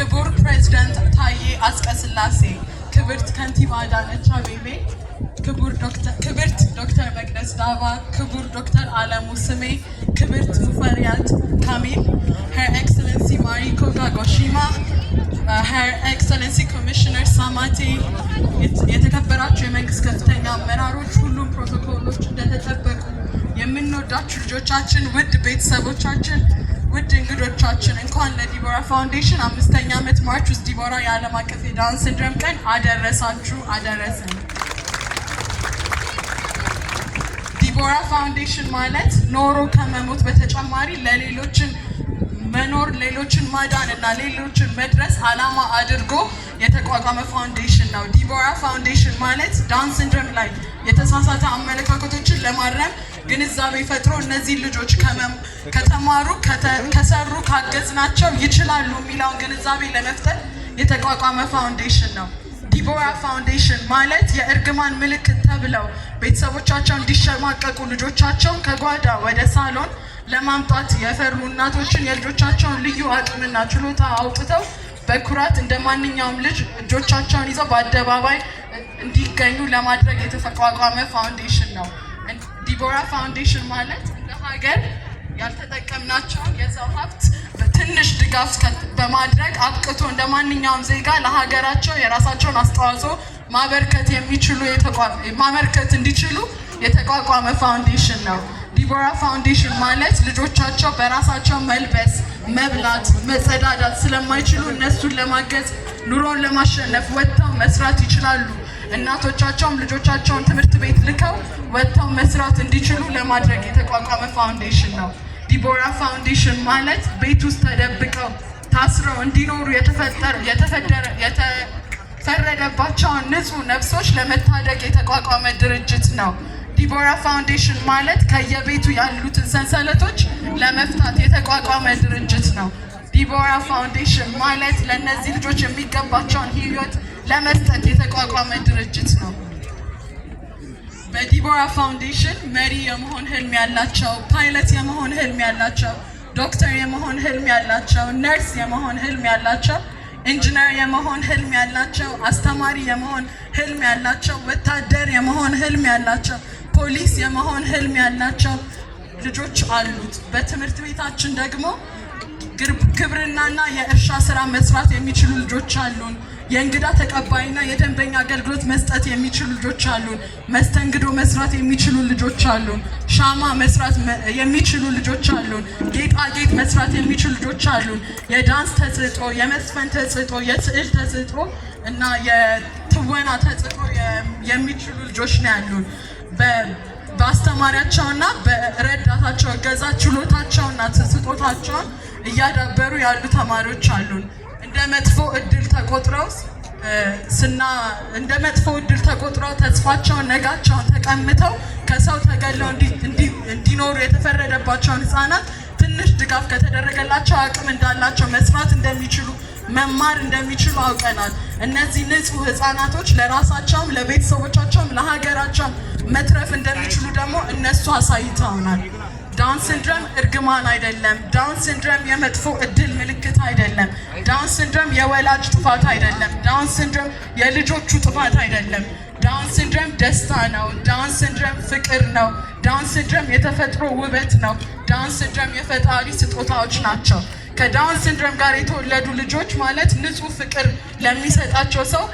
ክቡር ፕሬዝዳንት ታዬ አጽቀሥላሴ፣ ክብርት ከንቲባ አዳነች አቤቤ፣ ክብርት ዶክተር መቅደስ ዳባ፣ ክቡር ዶክተር አለሙ ስሜ፣ ክብርት ሙፈሪያት ካሚል፣ ሄር ኤክሰለንሲ ማሪኮ ጋጎሺማ፣ ሄር ኤክሰለንሲ ኮሚሽነር ሳማቴ፣ የተከበራቸው የመንግስት ከፍተኛ አመራሮች፣ ሁሉም ፕሮቶኮሎች እንደተጠበቁ የምንወዳችሁ ልጆቻችን፣ ውድ ቤተሰቦቻችን ውድ እንግዶቻችን እንኳን ለዲቦራ ፋውንዴሽን አምስተኛ ዓመት ማርች ውስጥ ዲቦራ የዓለም አቀፍ የዳውን ሲንድሮም ቀን አደረሳችሁ አደረሰን። ዲቦራ ፋውንዴሽን ማለት ኖሮ ከመሞት በተጨማሪ ለሌሎችን መኖር፣ ሌሎችን ማዳን እና ሌሎችን መድረስ ዓላማ አድርጎ የተቋቋመ ፋውንዴሽን ነው። ዲቦራ ፋውንዴሽን ማለት ዳውን ሲንድሮም ላይ የተሳሳተ አመለካከቶችን ለማድረግ ግንዛቤ ፈጥሮ እነዚህ ልጆች ከተማሩ፣ ከሰሩ፣ ካገዝናቸው ይችላሉ የሚለውን ግንዛቤ ለመፍጠር የተቋቋመ ፋውንዴሽን ነው። ዲቦራ ፋውንዴሽን ማለት የእርግማን ምልክት ተብለው ቤተሰቦቻቸው እንዲሸማቀቁ ልጆቻቸውን ከጓዳ ወደ ሳሎን ለማምጣት የፈሩ እናቶችን የልጆቻቸውን ልዩ አቅምና ችሎታ አውጥተው በኩራት እንደ ማንኛውም ልጅ እጆቻቸውን ይዘው በአደባባይ እንዲገኙ ለማድረግ የተቋቋመ ፋውንዴሽን ዲቦራ ፋውንዴሽን ማለት እንደ ሀገር ያልተጠቀምናቸውን የሰው ሀብት በትንሽ ድጋፍ በማድረግ አብቅቶ እንደ ማንኛውም ዜጋ ለሀገራቸው የራሳቸውን አስተዋጽኦ ማበርከት የሚችሉ ማበርከት እንዲችሉ የተቋቋመ ፋውንዴሽን ነው። ዲቦራ ፋውንዴሽን ማለት ልጆቻቸው በራሳቸው መልበስ፣ መብላት፣ መጸዳዳት ስለማይችሉ እነሱን ለማገዝ ኑሮን ለማሸነፍ ወጥተው መስራት ይችላሉ እናቶቻቸውም ልጆቻቸውን ትምህርት ቤት ልከው ወጥተው መስራት እንዲችሉ ለማድረግ የተቋቋመ ፋውንዴሽን ነው። ዲቦራ ፋውንዴሽን ማለት ቤት ውስጥ ተደብቀው ታስረው እንዲኖሩ የተፈረደባቸውን ንጹህ ነፍሶች ለመታደግ የተቋቋመ ድርጅት ነው። ዲቦራ ፋውንዴሽን ማለት ከየቤቱ ያሉትን ሰንሰለቶች ለመፍታት የተቋቋመ ድርጅት ነው። ዲቦራ ፋውንዴሽን ማለት ለእነዚህ ልጆች የሚገባቸውን ህይወት ለመስጠት የተቋቋመ ድርጅት ነው። በዲቦራ ፋውንዴሽን መሪ የመሆን ህልም ያላቸው፣ ፓይለት የመሆን ህልም ያላቸው፣ ዶክተር የመሆን ህልም ያላቸው፣ ነርስ የመሆን ህልም ያላቸው፣ ኢንጂነር የመሆን ህልም ያላቸው፣ አስተማሪ የመሆን ህልም ያላቸው፣ ወታደር የመሆን ህልም ያላቸው፣ ፖሊስ የመሆን ህልም ያላቸው ልጆች አሉት። በትምህርት ቤታችን ደግሞ ግብርናና የእርሻ ስራ መስራት የሚችሉ ልጆች አሉን። የእንግዳ ተቀባይና የደንበኛ አገልግሎት መስጠት የሚችሉ ልጆች አሉን። መስተንግዶ መስራት የሚችሉ ልጆች አሉን። ሻማ መስራት የሚችሉ ልጆች አሉን። ጌጣጌጥ መስራት የሚችሉ ልጆች አሉን። የዳንስ ተጽጦ፣ የመስፈን ተጽጦ፣ የስዕል ተጽጦ እና የትወና ተጽጦ የሚችሉ ልጆች ነው ያሉን። በአስተማሪያቸውና በረዳታቸው እገዛ ችሎታቸውና ስጦታቸውን እያዳበሩ ያሉ ተማሪዎች አሉን። እንደ መጥፎ እድል ተቆጥረው ስና እንደ መጥፎ እድል ተቆጥረው ተስፋቸውን ነጋቸውን ተቀምተው ከሰው ተገለው እንዲኖሩ የተፈረደባቸውን ህጻናት ትንሽ ድጋፍ ከተደረገላቸው አቅም እንዳላቸው መስራት እንደሚችሉ መማር እንደሚችሉ አውቀናል። እነዚህ ንጹህ ህጻናቶች ለራሳቸውም ለቤተሰቦቻቸውም ለሀገራቸውም መትረፍ እንደሚችሉ ደግሞ እነሱ አሳይተውናል። ዳውን ሲንድረም እርግማን አይደለም። ዳውን ሲንድረም የመጥፎ እድል ምልክት አይደለም። ዳውን ሲንድረም የወላጅ ጥፋት አይደለም። ዳውን ሲንድረም የልጆቹ ጥፋት አይደለም። ዳውን ሲንድረም ደስታ ነው። ዳውን ሲንድረም ፍቅር ነው። ዳውን ሲንድረም የተፈጥሮ ውበት ነው። ዳውን ሲንድረም የፈጣሪ ስጦታዎች ናቸው። ከዳውን ሲንድሮም ጋር የተወለዱ ልጆች ማለት ንጹህ ፍቅር ለሚሰጣቸው ሰው